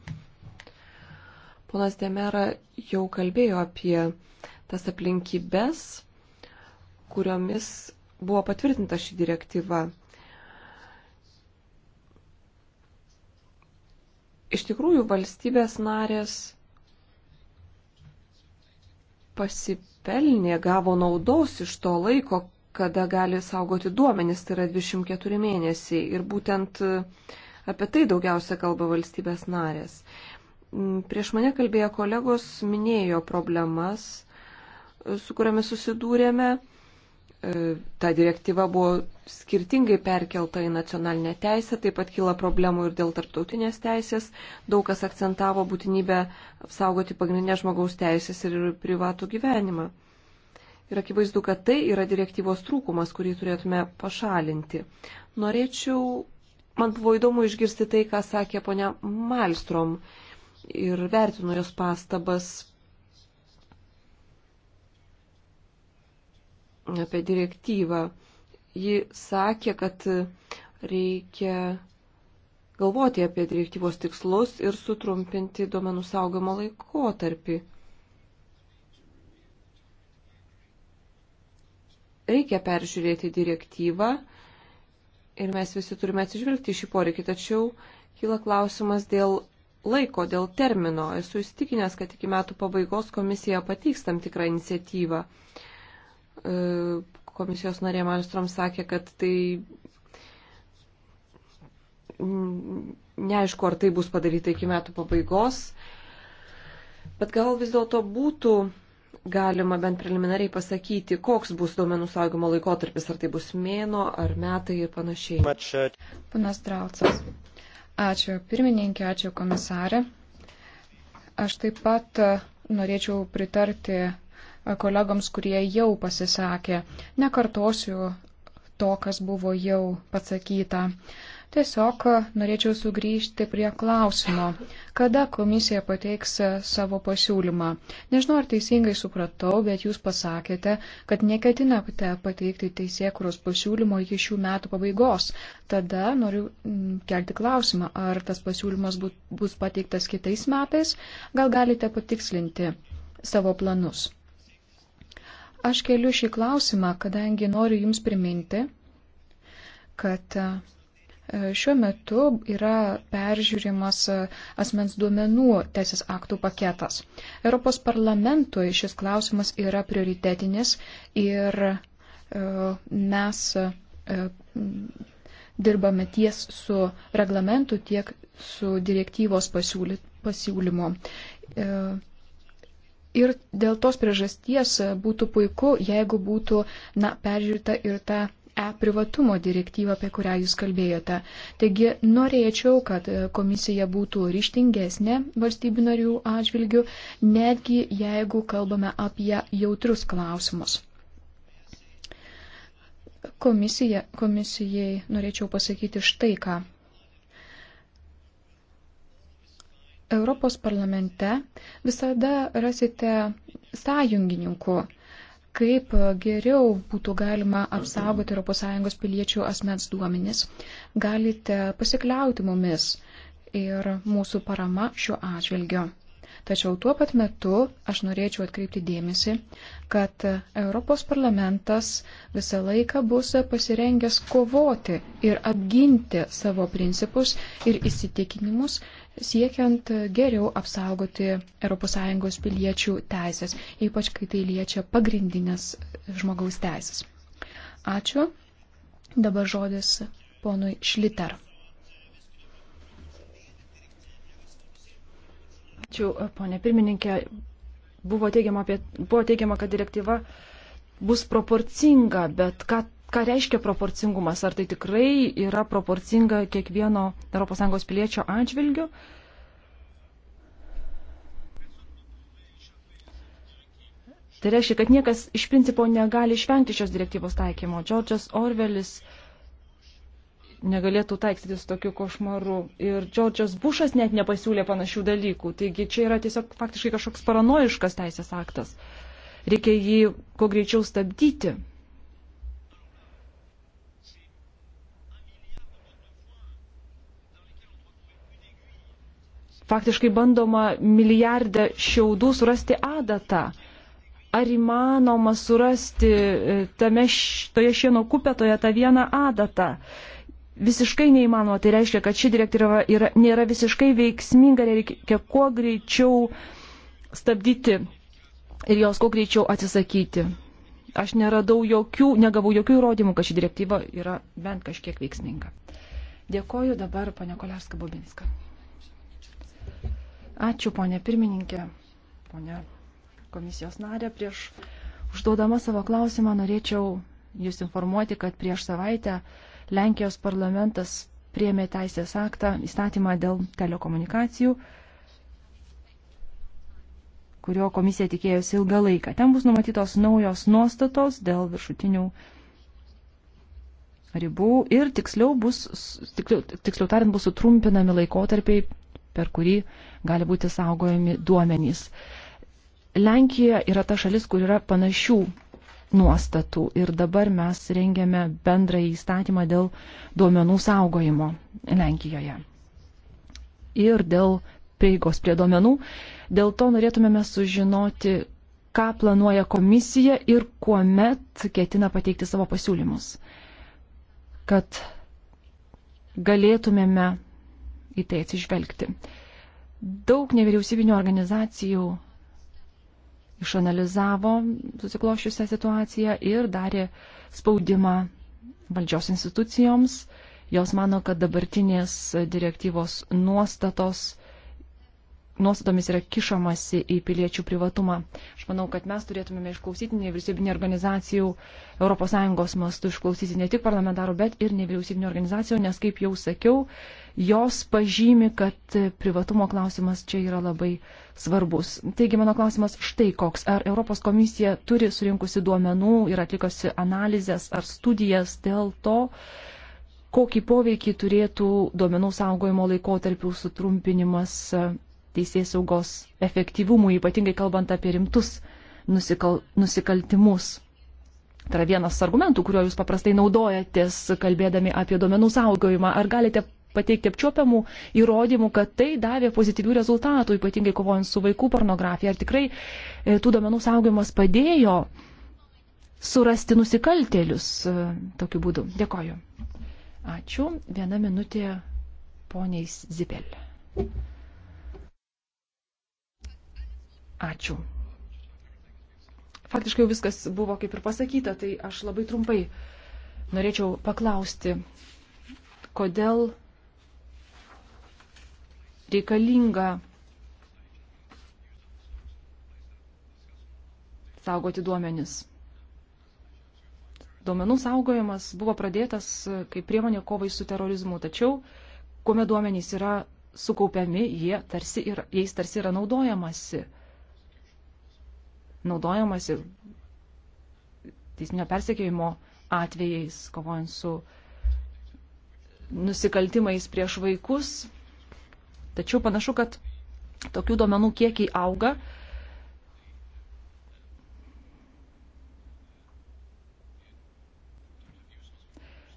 B: Ponas Demera jau kalbėjo apie tas aplinkybės, kuriomis buvo patvirtinta ši direktyva. Iš tikrųjų, valstybės narės pasipelnė, gavo naudos iš to laiko, kada gali saugoti duomenis, tai yra 24 mėnesiai. Ir būtent e, apie tai daugiausia kalba valstybės narės. Prieš mane kalbėję kolegos minėjo problemas, su kuriamis susidūrėme. E, ta direktyva buvo skirtingai perkelta į nacionalinę teisę, taip pat kyla problemų ir dėl tarptautinės teisės. Daug kas akcentavo būtinybę apsaugoti pagrindinę žmogaus teisės ir privatų gyvenimą. Ir akivaizdu, kad tai yra direktyvos trūkumas, kurį turėtume pašalinti. Norėčiau, man buvo įdomu išgirsti tai, ką sakė ponia Malstrom ir vertinu jos pastabas apie direktyvą. Ji sakė, kad reikia galvoti apie direktyvos tikslus ir sutrumpinti duomenų saugimo laikotarpį. Reikia peržiūrėti direktyvą ir mes visi turime atsižvelgti šį poreikį, tačiau kyla klausimas dėl laiko, dėl termino. Esu įstikinęs, kad iki metų pabaigos komisija pateiks tam tikrą iniciatyvą. Uh, E, komisijos narė Malstrom sakė, kad tai neaišku, ar tai bus padaryta iki metų pabaigos, bet gal vis dėlto būtų galima bent preliminariai pasakyti, koks bus duomenų saugimo laikotarpis, ar tai bus mėno, ar metai ir panašiai.
C: Panas Draucas. Ačiū pirmininkė, ačiū komisarė. Aš taip pat norėčiau pritarti kolegoms, kurie jau pasisakė. Nekartosiu to, kas buvo jau pasakyta. Tiesiog norėčiau sugrįžti prie klausimo, kada komisija pateiks savo pasiūlymą. Nežinau, ar teisingai supratau, bet jūs pasakėte, kad neketinate pateikti teisėkuros pasiūlymo iki šių metų pabaigos. Tada noriu mm, kelti klausimą, ar tas pasiūlymas bus pateiktas kitais metais, gal galite patikslinti savo planus. Aš keliu šį klausimą, kadangi noriu Jums priminti, kad e, šiuo metu yra peržiūrimas e, asmens duomenų teisės aktų paketas. Europos parlamentui šis klausimas yra prioritetinis ir e, mes dirbame ties su reglamentu, tiek su direktyvos pasiūlymu. Ir dėl tos priežasties būtų puiku, jeigu būtų na, peržiūrta ir ta e-privatumo direktyva, apie kurią jūs kalbėjote. Taigi norėčiau, kad komisija būtų ryštingesnė valstybių narių atžvilgių, netgi jeigu kalbame apie jautrius klausimus. Komisija, komisijai norėčiau pasakyti štai ką. Europos parlamente visada rasite sąjungininkų, kaip geriau būtų galima apsaugoti ES piliečių asmens duomenis. Galite pasikliauti mumis ir mūsų parama šiuo atžvilgiu. Tačiau tuo pat metu aš norėčiau atkreipti dėmesį, kad Europos parlamentas visą laiką bus pasirengęs kovoti ir apginti savo principus ir įsitikinimus siekiant geriau apsaugoti ES piliečių teisės, ypač kai tai liečia pagrindinės žmogaus teisės. Ačiū. Dabar žodis ponui Šliter.
A: Ačiū, ponė pirmininkė. Buvo teigiama, apie, buvo teigiama kad direktyva bus proporcinga, bet ką ką reiškia proporcingumas, ar tai tikrai yra proporcinga kiekvieno ES piliečio atžvilgiu. Tai reiškia, kad niekas iš principo negali išvengti šios direktyvos taikymo. Džordžas Orvelis negalėtų taikstyti su tokiu košmaru. Ir Džordžas Bušas net nepasiūlė panašių dalykų. Taigi čia yra tiesiog faktiškai kažkoks paranoiškas teisės aktas. Reikia jį kuo greičiau stabdyti. faktiškai bandoma milijardę šiaudų surasti adatą. Ar įmanoma surasti e, tame, toje šieno kupetoje tą vieną adatą? Visiškai neįmanoma, tai reiškia, kad ši direktyva yra, nėra visiškai veiksminga, reikia kuo greičiau stabdyti ir jos kuo greičiau atsisakyti. Aš neradau jokių, negavau jokių įrodymų, kad ši direktyva yra bent kažkiek veiksminga. Dėkoju dabar, pane Kolerska Bobinska. Ačiū, ponė pirmininkė, ponė komisijos narė. Prieš užduodama savo klausimą norėčiau Jūs informuoti, kad prieš savaitę Lenkijos parlamentas priemė teisės aktą įstatymą dėl telekomunikacijų, kurio komisija tikėjosi ilgą laiką. Ten bus numatytos naujos nuostatos dėl viršutinių ribų ir tiksliau, bus, tiksliau, tiksliau tariant bus sutrumpinami laikotarpiai per kurį gali būti saugojami duomenys. Lenkija yra ta šalis, kur yra panašių nuostatų ir dabar mes rengiame bendrąjį įstatymą dėl duomenų saugojimo Lenkijoje. Ir dėl prieigos prie duomenų. Dėl to norėtumėme sužinoti, ką planuoja komisija ir kuomet ketina pateikti savo pasiūlymus, kad galėtumėme į tai atsižvelgti. Daug nevyriausybinio organizacijų išanalizavo susiklošiusią situaciją ir darė spaudimą valdžios institucijoms. Jos mano, kad dabartinės direktyvos nuostatos nuostatomis yra kišamasi į piliečių privatumą. Aš manau, kad mes turėtumėme išklausyti nevyriausybinį organizacijų ES mastu, išklausyti ne tik parlamentarų, bet ir nevyriausybinio organizacijų, nes, kaip jau sakiau, jos pažymi, kad privatumo klausimas čia yra labai svarbus. Taigi mano klausimas štai koks. Ar Europos komisija turi surinkusi duomenų ir atlikosi analizės ar studijas dėl to, kokį poveikį turėtų duomenų saugojimo laikotarpių sutrumpinimas teisės saugos efektyvumui, ypatingai kalbant apie rimtus nusikal, nusikaltimus. Tai yra vienas argumentų, kuriuo jūs paprastai naudojatės, kalbėdami apie duomenų saugojimą. Ar galite pateikti apčiopiamų įrodymų, kad tai davė pozityvių rezultatų, ypatingai kovojant su vaikų pornografija? Ar tikrai e, tų duomenų saugojimas padėjo surasti nusikaltėlius e, tokiu būdu? Dėkoju. Ačiū. Viena minutė poniais Zipelė. Ačiū. Faktiškai jau viskas buvo kaip ir pasakyta, tai aš labai trumpai norėčiau paklausti, kodėl reikalinga saugoti duomenis. Duomenų saugojimas buvo pradėtas kaip priemonė kovai su terorizmu, tačiau, kuomet duomenys yra sukaupiami, jie tarsi yra, jais tarsi yra naudojamasi naudojamasi teisminio persekiojimo atvejais, kovojant su nusikaltimais prieš vaikus. Tačiau panašu, kad tokių duomenų kiekiai auga.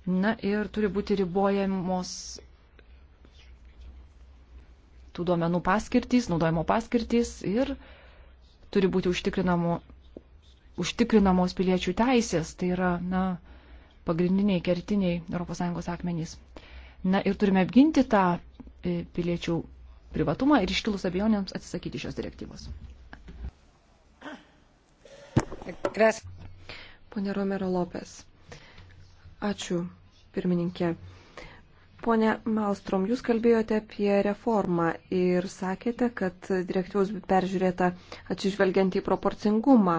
A: Na ir turi būti ribojamos tų duomenų paskirtys, naudojimo paskirtys ir turi būti užtikrinamo, užtikrinamos piliečių teisės, tai yra, na, pagrindiniai kertiniai ES akmenys. Na ir turime apginti tą e, piliečių privatumą ir iškilus abejonėms
B: atsisakyti šios direktyvos. Pone Romero Lopes. Ačiū, pirmininkė. Pone Malstrom, jūs kalbėjote apie reformą ir sakėte, kad direktyvus peržiūrėta atsižvelgiant į proporcingumą.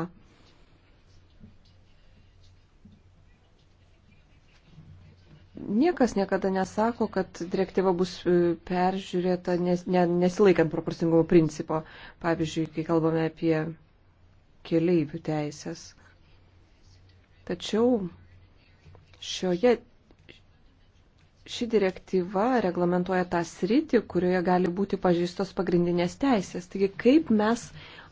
B: Niekas niekada nesako, kad direktyva bus e, peržiūrėta nes, ne, nesilaikant proporcingumo principo. Pavyzdžiui, kai kalbame apie keleivių teisės. Tačiau šioje ši direktyva reglamentuoja tą sritį, kurioje gali būti pažįstos pagrindinės teisės. Taigi kaip mes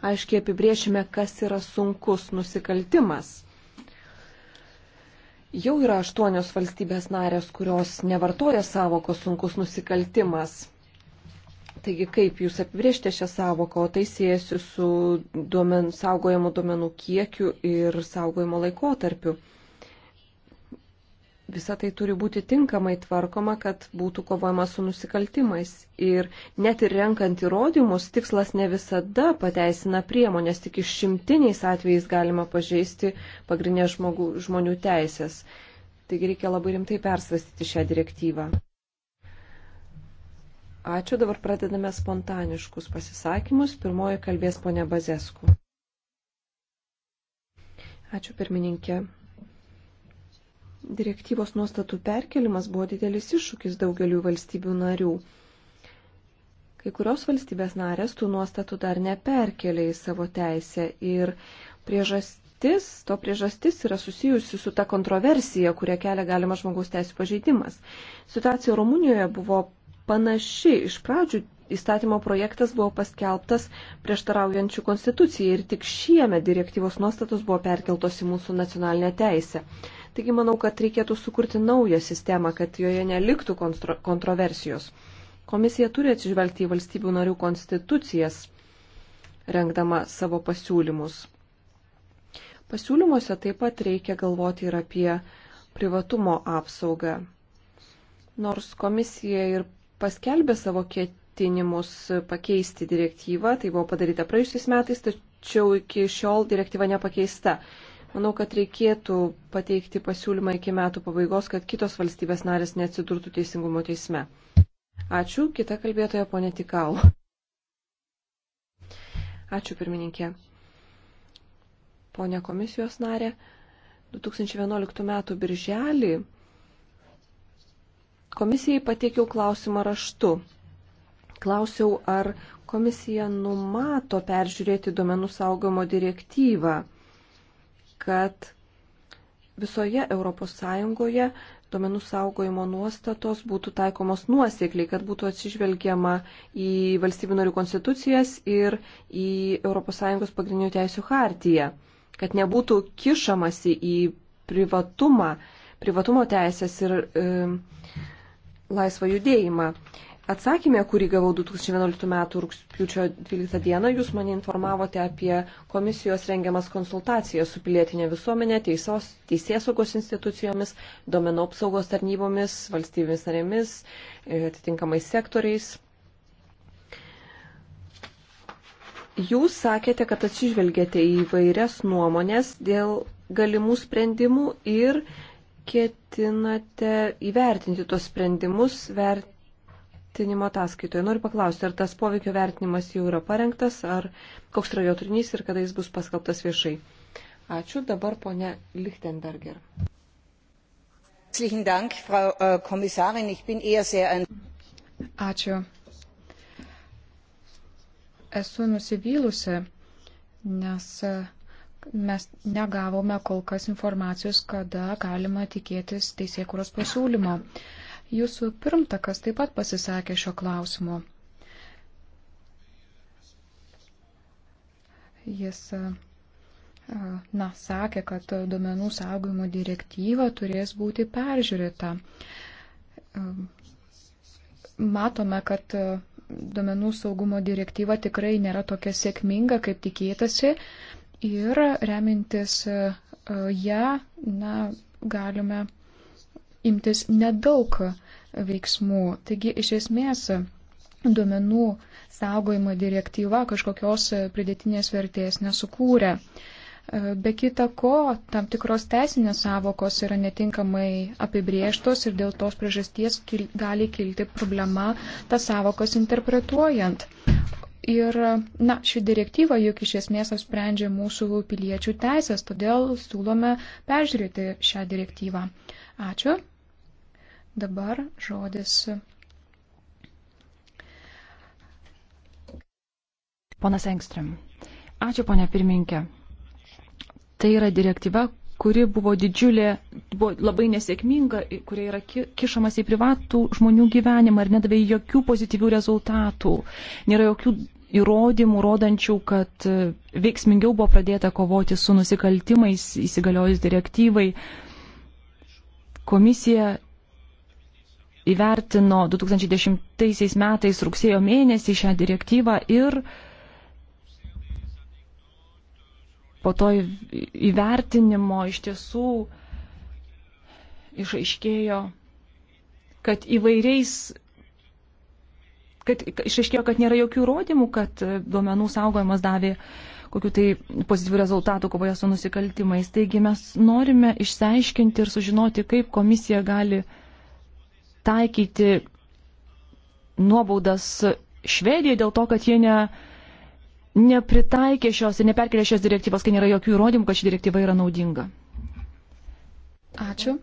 B: aiškiai apibriešime, kas yra sunkus nusikaltimas. Jau yra aštuonios valstybės narės, kurios nevartoja savoko sunkus nusikaltimas. Taigi kaip jūs apibriežtė šią savoką, o tai siejasi su duomen, saugojimu duomenų kiekiu ir saugojimo laikotarpiu visą tai turi būti tinkamai tvarkoma, kad būtų kovojama su nusikaltimais. Ir net ir renkant įrodymus, tikslas ne visada pateisina priemonės, tik išimtiniais atvejais galima pažeisti pagrindinės žmonių teisės. Taigi reikia labai rimtai persvastyti šią direktyvą. Ačiū, dabar pradedame spontaniškus pasisakymus. Pirmoji kalbės ponė Bazesku. Ačiū pirmininkė direktyvos nuostatų perkelimas buvo didelis iššūkis daugeliu valstybių narių. Kai kurios valstybės narės tų nuostatų dar neperkelia į savo teisę ir priežastis, to priežastis yra susijusi su ta kontroversija, kurią kelia galima žmogaus teisų pažeidimas. Situacija Rumunijoje buvo panaši. Iš pradžių įstatymo projektas buvo paskelbtas prieštaraujančių konstitucijai ir tik šiemet direktyvos nuostatos buvo perkeltos į mūsų nacionalinę teisę. Taigi manau, kad reikėtų sukurti naują sistemą, kad joje neliktų kontroversijos. Komisija turi atsižvelgti į valstybių narių konstitucijas, rengdama savo pasiūlymus. Pasiūlymuose taip pat reikia galvoti ir apie privatumo apsaugą. Nors komisija ir paskelbė savo ketinimus pakeisti direktyvą, tai buvo padaryta praėjusiais metais, tačiau iki šiol direktyva nepakeista. Manau, kad reikėtų pateikti pasiūlymą iki metų pabaigos, kad kitos valstybės narės neatsidurtų teisingumo teisme. Ačiū, kita kalbėtoja ponė Tikau. Ačiū pirmininkė. Pone komisijos narė, 2011 m. birželį komisijai pateikiau klausimą raštu. Klausiau, ar komisija numato peržiūrėti duomenų saugomo direktyvą kad visoje ES duomenų saugojimo nuostatos būtų taikomos nuosekliai, kad būtų atsižvelgiama į valstybių narių konstitucijas ir į ES pagrindinių teisų hartiją, kad nebūtų kišamasi į privatumą, privatumo teisės ir e, laisvą judėjimą. Atsakymė, kurį gavau 2011 m. rūpiučio 12 d. jūs mane informavote apie komisijos rengiamas konsultacijas su pilietinė visuomenė, teisos, teisėsaugos institucijomis, domenų apsaugos tarnybomis, valstybėmis narėmis, e, atitinkamais sektoriais. Jūs sakėte, kad atsižvelgėte į vairias nuomonės dėl galimų sprendimų ir ketinate įvertinti tos sprendimus, vertinti vertinimo ataskaitoje. Noriu paklausti, ar tas poveikio vertinimas jau yra parengtas, ar koks yra jo turinys ir kada jis bus paskelbtas viešai. Ačiū dabar ponė Lichtenberger. Äh,
C: Ačiū. Esu nusivylusi, nes e, mes negavome kol kas informacijos, kada galima tikėtis teisėkuros pasiūlymo. Uh, Jūsų pirmtakas taip pat pasisakė šio klausimo. Jis, na, sakė, kad duomenų saugojimo direktyva turės būti peržiūrėta. Matome, kad duomenų saugumo direktyva tikrai nėra tokia sėkminga, kaip tikėtasi. Ir remintis ją, ja, na, galime imtis nedaug veiksmų. Taigi, iš esmės, duomenų saugojimo direktyva kažkokios pridėtinės vertės nesukūrė. Be kita ko, tam tikros teisinės savokos yra netinkamai apibrieštos ir dėl tos priežasties kil, gali kilti problema tas savokos interpretuojant. Ir, na, ši direktyva juk iš esmės apsprendžia mūsų piliečių teisės, todėl siūlome peržiūrėti šią direktyvą. Ačiū. Dabar žodis.
A: Ponas Engström. Ačiū, ponė pirminkė. Tai yra direktyva, kuri buvo didžiulė, buvo labai nesėkminga, kuria yra kišamas į privatų žmonių gyvenimą ir nedavė jokių pozityvių rezultatų. Nėra jokių įrodymų rodančių, kad e, veiksmingiau buvo pradėta kovoti su nusikaltimais įsigaliojus direktyvai. Komisija įvertino 2010 metais rugsėjo mėnesį šią direktyvą ir po to įvertinimo iš tiesų išaiškėjo, kad įvairiais, kad išaiškėjo, kad nėra jokių įrodymų, kad duomenų saugojimas davė kokiu tai pozityvių rezultatų kovoje su nusikaltimais. Taigi mes norime išsiaiškinti ir sužinoti, kaip komisija gali uh, taikyti nuobaudas Švedijai dėl to, kad jie ne, nepritaikė šios ir neperkelė šios direktyvos, kai nėra jokių įrodymų, kad ši direktyva yra naudinga.
C: Ačiū.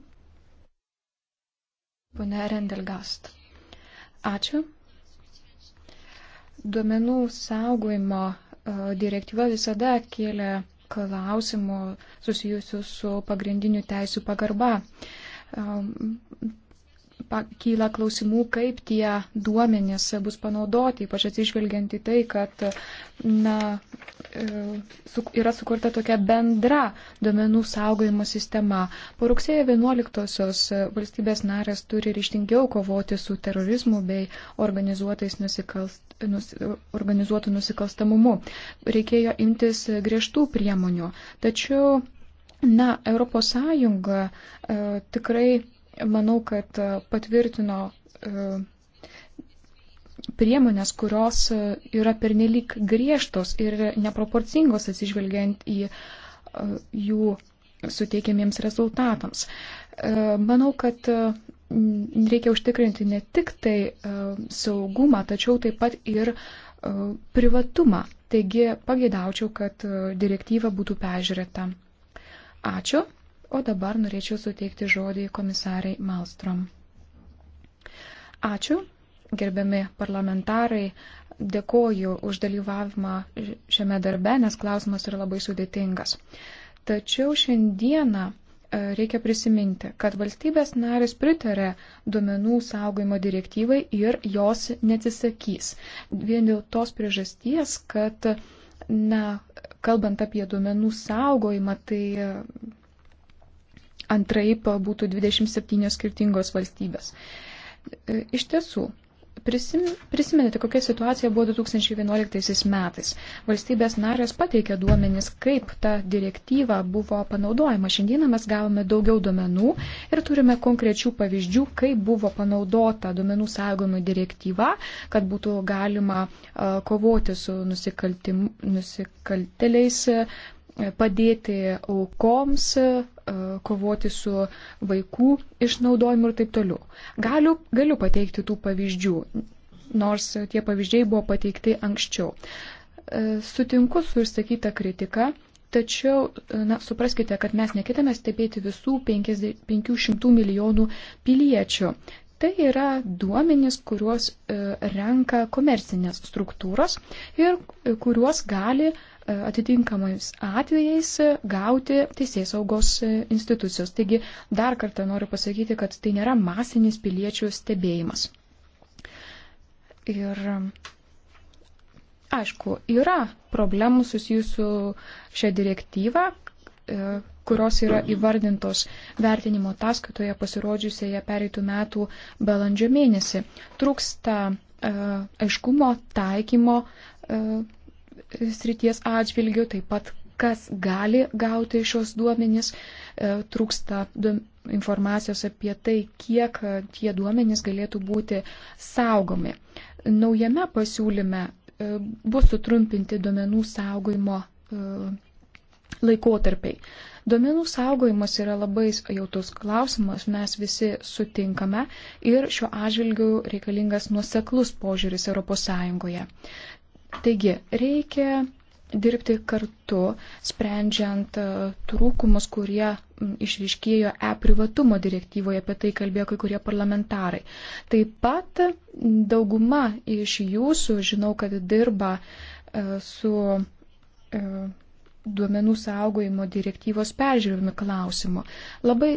C: Pone Rendelgast. Ačiū. Duomenų saugojimo e, direktyva visada kėlė klausimų susijusių su pagrindiniu teisų pagarba. E, kyla klausimų, kaip tie duomenys bus panaudoti, ypač atsižvelgiant į tai, kad na, e, yra sukurta tokia bendra duomenų saugojimo sistema. Po rugsėjo 11-osios valstybės narės turi ryštingiau kovoti su terorizmu bei nusikalst, nus, organizuotų nusikalstamumu. Reikėjo imtis griežtų priemonių. Tačiau, na, ES e, tikrai manau, kad e, patvirtino e, priemonės, kurios e, yra pernelyg griežtos ir neproporcingos atsižvelgiant į jų suteikiamiems rezultatams. Manau, kad reikia užtikrinti ne tik tai saugumą, tačiau taip pat ir privatumą. Taigi pagėdaučiau, kad direktyva būtų pežiūrėta. Ačiū. O dabar norėčiau suteikti žodį komisarai Malstrom. Ačiū, gerbiami parlamentarai. Dėkoju už dalyvavimą šiame darbe, nes klausimas yra labai sudėtingas. Tačiau šiandieną e, reikia prisiminti, kad valstybės narės pritarė duomenų saugojimo direktyvai ir jos netisakys. Vien dėl tos priežasties, kad, na, kalbant apie duomenų saugojimą, tai antraip būtų 27 skirtingos valstybės. E, iš tiesų, prisim, prisimenate, kokia situacija buvo 2011 metais. Valstybės narės pateikė duomenis, kaip ta direktyva buvo panaudojama. Šiandieną mes gavome daugiau duomenų ir turime konkrečių pavyzdžių, kaip buvo panaudota duomenų saugojimo direktyva, kad būtų galima e, kovoti su nusikalteliais e, padėti aukoms, E, kovoti su vaikų išnaudojimu ir taip toliau. Galiu, galiu pateikti tų pavyzdžių, nors tie pavyzdžiai buvo pateikti anksčiau. E, sutinku su išsakyta kritika, tačiau e, na, supraskite, kad mes nekitame stebėti visų 500 milijonų piliečių. Tai yra duomenys, kuriuos renka komercinės struktūros ir kuriuos gali uh, atitinkamais atvejais gauti teisės saugos institucijos. Taigi dar kartą noriu pasakyti, kad tai nėra masinis piliečių stebėjimas. Ir aišku, yra problemų susijusių šią direktyvą, e, kurios yra įvardintos vertinimo ataskaitoje pasirodžiusioje pereitų metų balandžio mėnesį. Trūksta e, aiškumo taikymo e, srities atžvilgių, taip pat kas gali gauti šios duomenys, e, trūksta informacijos apie tai, kiek e, tie duomenys galėtų būti saugomi. Naujame pasiūlyme e, bus sutrumpinti duomenų saugojimo laikotarpiai. Duomenų saugojimas yra labai jautus klausimas, mes visi sutinkame ir šiuo atžvilgiu reikalingas nuoseklus požiūris ES. Taigi, reikia dirbti kartu, sprendžiant e, trūkumus, kurie išryškėjo e-privatumo direktyvoje, apie tai kalbėjo kai kurie parlamentarai. Taip pat dauguma iš jūsų, žinau, kad dirba e, su e, duomenų saugojimo direktyvos peržiūrimi klausimu. Labai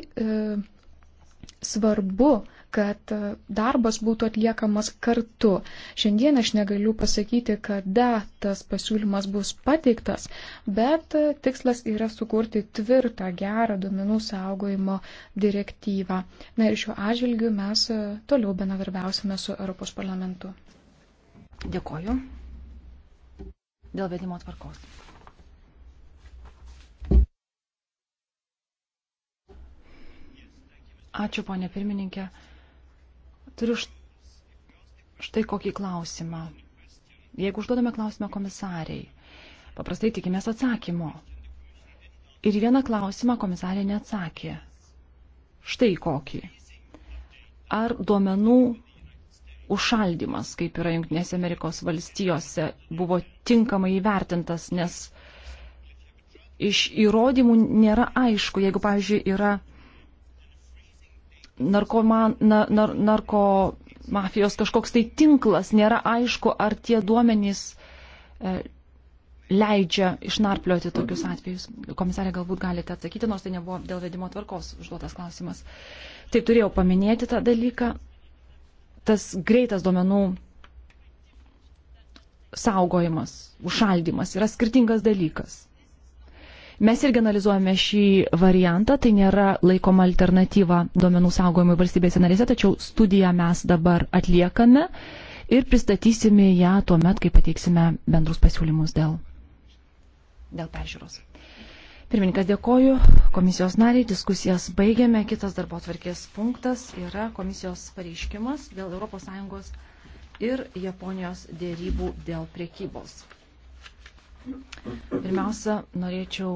C: svarbu kad e, darbas būtų atliekamas kartu. Šiandien aš negaliu pasakyti, kada tas pasiūlymas bus pateiktas, bet e, tikslas yra sukurti tvirtą, gerą duomenų saugojimo direktyvą. Na ir šiuo atžvilgiu mes e, toliau bendradarbiausime su Europos parlamentu. Dėkoju. Dėl vedimo tvarkos.
A: Ačiū, ponė pirmininkė. Turiu štai kokį klausimą. Jeigu užduodame klausimą komisariai, paprastai tikimės atsakymo. Ir vieną klausimą komisarė neatsakė. Štai kokį. Ar duomenų užšaldimas, kaip yra Junktinėse Amerikos valstijose, buvo tinkamai įvertintas, nes iš įrodymų nėra aišku, jeigu, pavyzdžiui, yra narkoman, na, nar, narko mafijos kažkoks tai tinklas, nėra aišku, ar tie duomenys e, leidžia išnarplioti tokius atvejus. Komisarė galbūt galite atsakyti, nors tai nebuvo dėl vedimo tvarkos užduotas klausimas. Taip turėjau paminėti tą dalyką. Tas greitas duomenų saugojimas, užšaldimas yra skirtingas dalykas. Mes irgi analizuojame šį variantą, tai nėra laikoma alternatyva duomenų saugojimui valstybėse narėse, tačiau studiją mes dabar atliekame ir pristatysime ją tuo met, kai pateiksime bendrus pasiūlymus dėl, dėl peržiūros. Pirmininkas dėkoju, komisijos nariai, diskusijas baigėme. Kitas darbo tvarkės punktas yra komisijos pareiškimas dėl ES ir Japonijos dėrybų dėl priekybos. Pirmiausia, norėčiau